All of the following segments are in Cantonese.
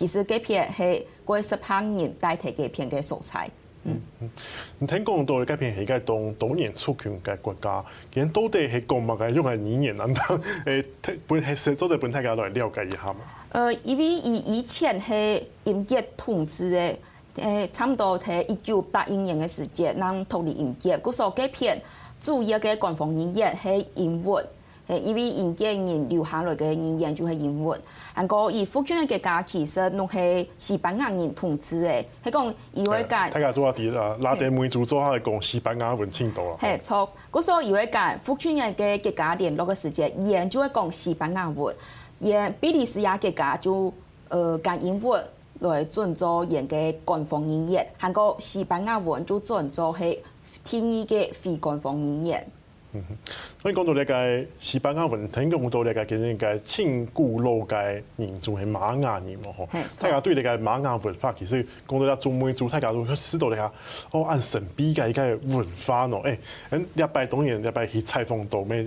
其實雞片係過去十百年代替雞片嘅素材。嗯嗯，唔、嗯、聽講到嘅雞片係一個當多年出權嘅國家，佢都地係講麥嘅，用係語言難得。誒、嗯欸，本係四作嘅本地人都係瞭解一下嘛。誒、呃，因為以以前係英國統治嘅，誒差唔多喺一九八一年嘅時節，能脫離英國。嗰數雞片主要嘅官方語言係英文。因為英國人留下來嘅語言就係英文，韓國伊附近嘅國家其實攏係西班牙人統治嘅，係講伊會講。大家主要佇啊拉丁美洲做下講西班牙文清度啦。係錯，嗰時候伊會講附近人嘅國家聯絡嘅時節，依然就會講西班牙文，而貝里斯嘅國家就呃講英文來轉做伊嘅官方語言，韓國西班牙文就轉做係第二嘅非官方語言。所以講到呢個西班牙文化，講到呢個其實呢個千古老街，民族係馬雅人，嗯，大家對呢個瑪雅文化，其實講到一組每組，大家都果知道嚟下，哦按神祕嘅呢個文化咯，誒，誒一拜當人，一拜去採訪到咩？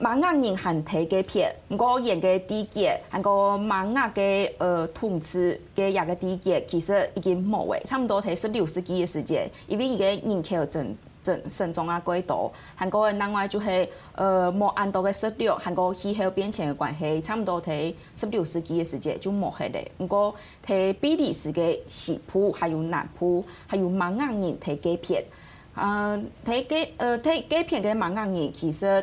馬雅人漢體嘅片，唔過人嘅字節，韓國馬雅嘅呃統治嘅一個字節，其實已經冇誒，差唔多睇十六世紀嘅時節，因為伊嘅人口增增增長啊，過度韓國嘅另外就是呃摩按到嘅史料，韓國氣候變遷嘅關係，差唔多睇十六世紀嘅時節就冇去嘞。唔過睇貝里斯嘅西部，還有南部，還有馬雅人睇紀片，嗯、呃，睇紀呃睇紀片嘅馬雅人其實。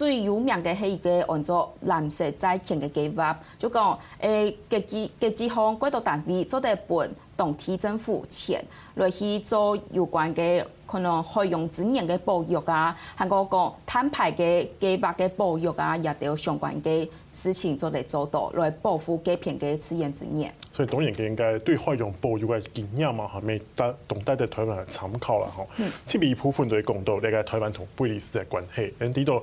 最有名嘅係一個按照藍色債券嘅計劃，就講誒，嘅支嘅支項，歸到單位做啲撥同地方政府錢嚟去做有關嘅可能海洋資源嘅保育啊，韓國講攤排嘅計劃嘅保育啊，亦都有相關嘅事情做嚟做到，來保護該片嘅自然資源。所以當然嘅應該對海洋保育嘅經驗嘛，下面得同得對台灣嚟參考啦，嗬。嗯。特別一部分就會講到你嘅台灣同貝里斯嘅關係，咁呢度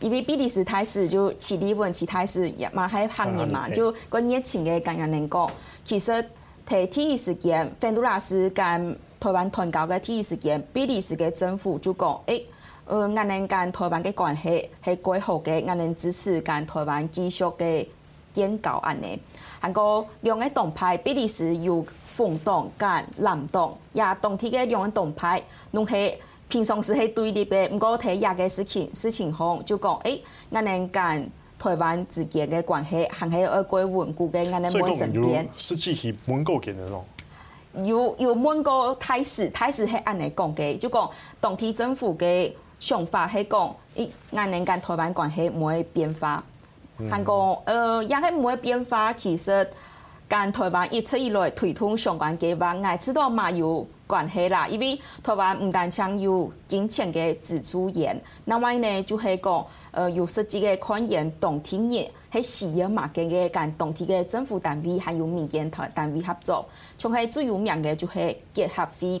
因為貝里斯大勢，就起理問起大勢，也嘛喺行業嘛，嗯嗯、就個熱情的咁樣嚟講。其實在，喺第一時間，宏都拉斯跟台灣、斷交嘅第一時間，貝里斯的政府就講，誒、欸，呃、嗯，我們跟台灣的關係係改好的，我們支持跟台灣繼續的建交安尼。還個兩個黨派，貝里斯有紅黨跟藍黨，也同體嘅兩個黨派，攏係。平常時，係對立嘅，唔過睇下嘅事情、事情況就講、是、誒、欸，我哋間台灣之間嘅關係係喺一個穩固嘅，我哋冇身邊實際。所以咯，有有問過態勢、態勢係按嚟講嘅，就講當地政府嘅想法係講，誒，我哋間台灣關係冇會變化，係、嗯、講，誒，也係冇會變化，其實。跟台灣一直以來推動相關計劃，我知道嘛有關係啦。因為台灣不單止有金錢嘅資助源，另外呢，就係講，呃，有涉及的科研、團體業，係企業嘛嘅嘅，跟當地的政府單位還有民間團單位合作，像係最有名的就係結合費。